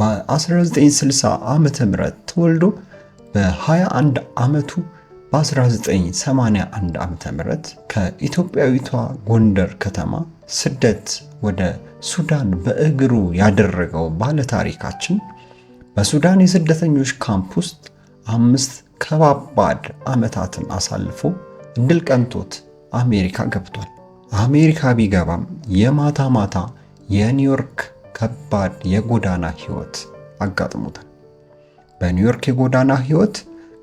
በ1960 ዓ ም ተወልዶ በ21 ዓመቱ በ1981 ዓ ም ከኢትዮጵያዊቷ ጎንደር ከተማ ስደት ወደ ሱዳን በእግሩ ያደረገው ባለታሪካችን በሱዳን የስደተኞች ካምፕ ውስጥ አምስት ከባባድ ዓመታትን አሳልፎ እድል ቀንቶት አሜሪካ ገብቷል። አሜሪካ ቢገባም የማታ ማታ የኒውዮርክ ከባድ የጎዳና ህይወት አጋጥሞታል። በኒውዮርክ የጎዳና ህይወት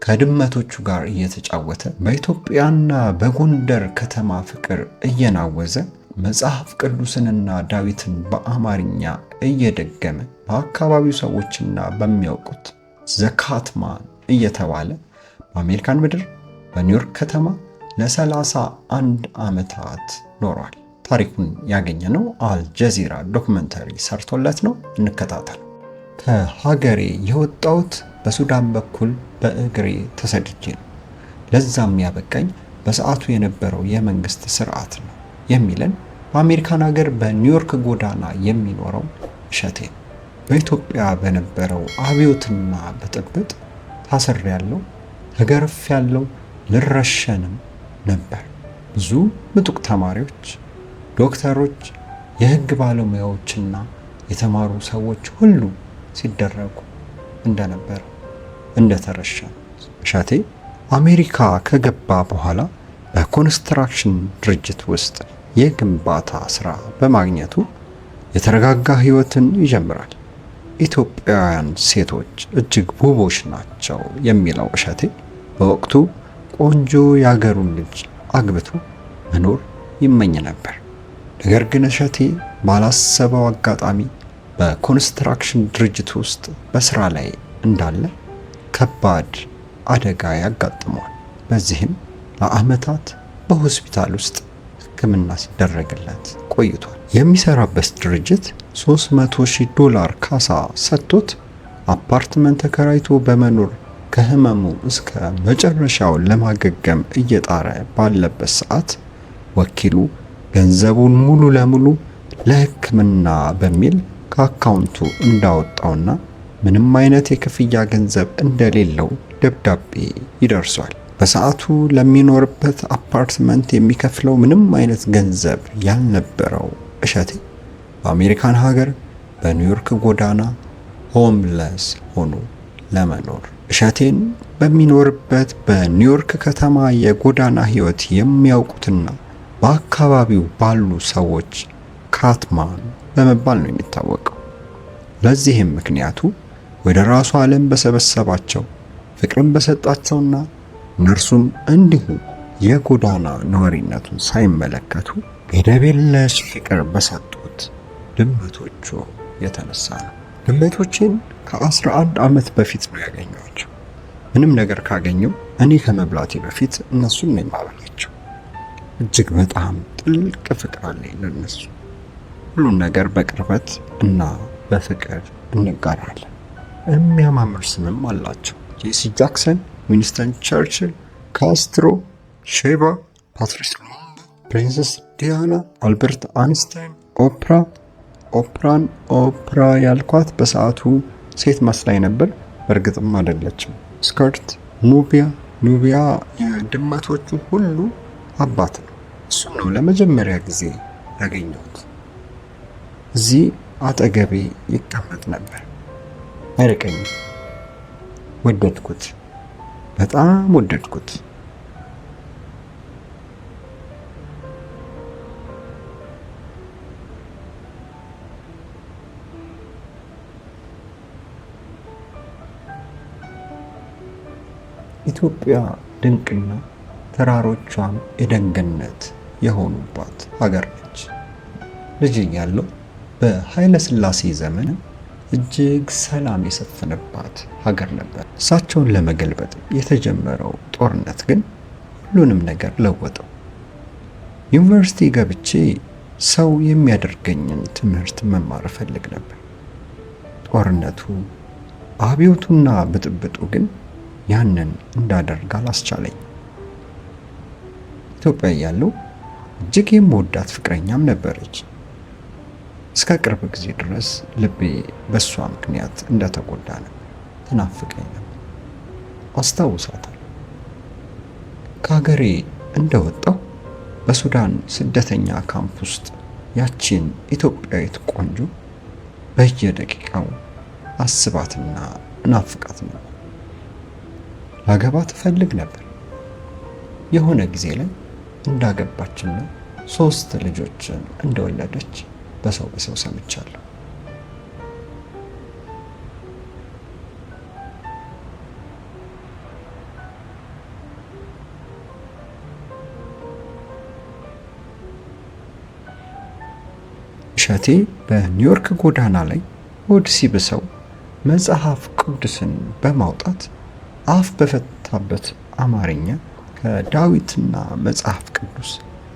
ከድመቶቹ ጋር እየተጫወተ በኢትዮጵያና በጎንደር ከተማ ፍቅር እየናወዘ መጽሐፍ ቅዱስንና ዳዊትን በአማርኛ እየደገመ በአካባቢው ሰዎችና በሚያውቁት ዘካትማን እየተባለ በአሜሪካን ምድር በኒውዮርክ ከተማ ለ31 ዓመታት ኖሯል። ታሪኩን ያገኘነው አልጀዚራ ዶክመንተሪ ሰርቶለት ነው። እንከታተል። ከሀገሬ የወጣሁት በሱዳን በኩል በእግሬ ተሰድጄ ነው። ለዛም ያበቃኝ በሰዓቱ የነበረው የመንግስት ስርዓት ነው የሚለን በአሜሪካን ሀገር በኒውዮርክ ጎዳና የሚኖረው እሸቴ ነው። በኢትዮጵያ በነበረው አብዮትና ብጥብጥ ታስር ያለው ተገርፍ ያለው ልረሸንም ነበር። ብዙ ምጡቅ ተማሪዎች ዶክተሮች፣ የህግ ባለሙያዎችና የተማሩ ሰዎች ሁሉ ሲደረጉ እንደነበር እንደተረሻ እሸቴ አሜሪካ ከገባ በኋላ በኮንስትራክሽን ድርጅት ውስጥ የግንባታ ስራ በማግኘቱ የተረጋጋ ህይወትን ይጀምራል። ኢትዮጵያውያን ሴቶች እጅግ ውቦች ናቸው የሚለው እሸቴ በወቅቱ ቆንጆ የአገሩን ልጅ አግብቶ መኖር ይመኝ ነበር። ነገር ግን እሸቴ ባላሰበው አጋጣሚ በኮንስትራክሽን ድርጅት ውስጥ በስራ ላይ እንዳለ ከባድ አደጋ ያጋጥመዋል። በዚህም ለአመታት በሆስፒታል ውስጥ ሕክምና ሲደረግለት ቆይቷል። የሚሰራበት ድርጅት 300 ሺህ ዶላር ካሳ ሰጥቶት አፓርትመንት ተከራይቶ በመኖር ከህመሙ እስከ መጨረሻው ለማገገም እየጣረ ባለበት ሰዓት ወኪሉ ገንዘቡን ሙሉ ለሙሉ ለሕክምና በሚል ከአካውንቱ እንዳወጣውና ምንም አይነት የክፍያ ገንዘብ እንደሌለው ደብዳቤ ይደርሷል። በሰዓቱ ለሚኖርበት አፓርትመንት የሚከፍለው ምንም አይነት ገንዘብ ያልነበረው እሸቴ በአሜሪካን ሀገር በኒውዮርክ ጎዳና ሆምለስ ሆኖ ለመኖር እሸቴን በሚኖርበት በኒውዮርክ ከተማ የጎዳና ህይወት የሚያውቁትና በአካባቢው ባሉ ሰዎች ካትማን በመባል ነው የሚታወቀው። ለዚህም ምክንያቱ ወደ ራሱ ዓለም በሰበሰባቸው ፍቅርን በሰጣቸውና እነርሱም እንዲሁ የጎዳና ነዋሪነቱን ሳይመለከቱ ገደብ የለሽ ፍቅር በሰጡት ድመቶቹ የተነሳ ነው። ድመቶችን ከ11 ዓመት በፊት ነው ያገኘኋቸው። ምንም ነገር ካገኘው እኔ ከመብላቴ በፊት እነሱን ነው የማበላቸው። እጅግ በጣም ጥልቅ ፍቅር አለኝ ለነሱ። ሁሉን ነገር በቅርበት እና በፍቅር እንጋራለን። የሚያማምር ስምም አላቸው። ጄሲ ጃክሰን፣ ዊንስተን ቸርችል፣ ካስትሮ፣ ሼባ፣ ፓትሪስ ሉሙምባ፣ ፕሪንሰስ ዲያና፣ አልበርት አንስታይን፣ ኦፕራ ኦፕራን ኦፕራ ያልኳት በሰዓቱ ሴት መስላኝ ነበር፣ በእርግጥም አይደለችም። ስከርት፣ ኑቢያ ኑቢያ የድመቶቹ ሁሉ አባት ነው። እሱ ነው ለመጀመሪያ ጊዜ ያገኘሁት። እዚህ አጠገቤ ይቀመጥ ነበር፣ አይርቀኝ ወደድኩት፣ በጣም ወደድኩት። ኢትዮጵያ ድንቅና ተራሮቿም የኤደን ገነት የሆኑባት ሀገር ነች። ልጅ ያለው በኃይለ ሥላሴ ዘመን እጅግ ሰላም የሰፈነባት ሀገር ነበር። እሳቸውን ለመገልበጥ የተጀመረው ጦርነት ግን ሁሉንም ነገር ለወጠው። ዩኒቨርሲቲ ገብቼ ሰው የሚያደርገኝን ትምህርት መማር እፈልግ ነበር። ጦርነቱ፣ አብዮቱና ብጥብጡ ግን ያንን እንዳደርግ አላስቻለኝ። ኢትዮጵያ እያለሁ እጅግ የምወዳት ፍቅረኛም ነበረች። እስከ ቅርብ ጊዜ ድረስ ልቤ በእሷ ምክንያት እንደተጎዳ ነው። ትናፍቀኝ ነበር፣ አስታውሳታለሁ። ከሀገሬ እንደወጣሁ በሱዳን ስደተኛ ካምፕ ውስጥ ያቺን ኢትዮጵያዊት ቆንጆ በየደቂቃው አስባትና እናፍቃት ነበር። ላገባ ትፈልግ ነበር። የሆነ ጊዜ ላይ እንዳገባችና ሶስት ልጆችን እንደወለደች በሰው በሰው ሰምቻለሁ። እሸቴ በኒውዮርክ ጎዳና ላይ ሆድ ሲብሰው መጽሐፍ ቅዱስን በማውጣት አፍ በፈታበት አማርኛ ከዳዊትና መጽሐፍ ቅዱስ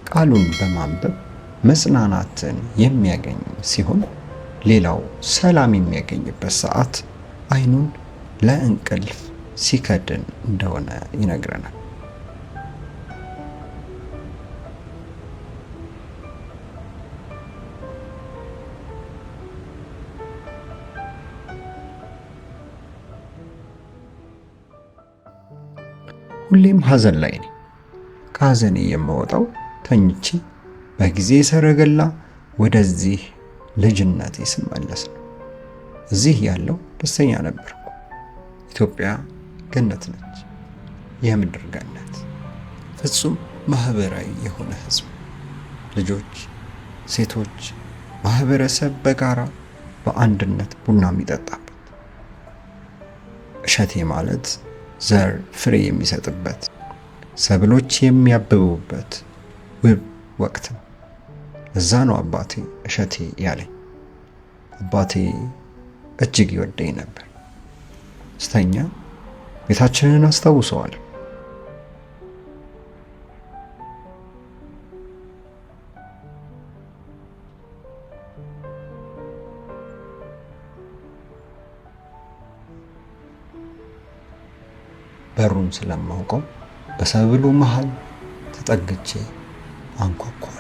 ቃሉን በማንበብ መጽናናትን የሚያገኝ ሲሆን ሌላው ሰላም የሚያገኝበት ሰዓት አይኑን ለእንቅልፍ ሲከድን እንደሆነ ይነግረናል። ሁሌም ሐዘን ላይ ነኝ። ከሐዘኔ የምወጣው ተኝቼ በጊዜ ሰረገላ ወደዚህ ልጅነቴ ስመለስ ነው። እዚህ ያለው ደስተኛ ነበርኩ። ኢትዮጵያ ገነት ነች፣ የምድር ገነት። ፍጹም ማህበራዊ የሆነ ህዝብ፣ ልጆች፣ ሴቶች፣ ማህበረሰብ በጋራ በአንድነት ቡና የሚጠጣበት እሸቴ ማለት ዘር ፍሬ የሚሰጥበት ሰብሎች የሚያብቡበት ውብ ወቅት ነው። እዛ ነው አባቴ እሸቴ ያለኝ። አባቴ እጅግ ይወደኝ ነበር። ስተኛ ቤታችንን አስታውሰዋል። በሩን ስለማውቀው በሰብሉ መሃል ተጠግቼ አንኳኳ።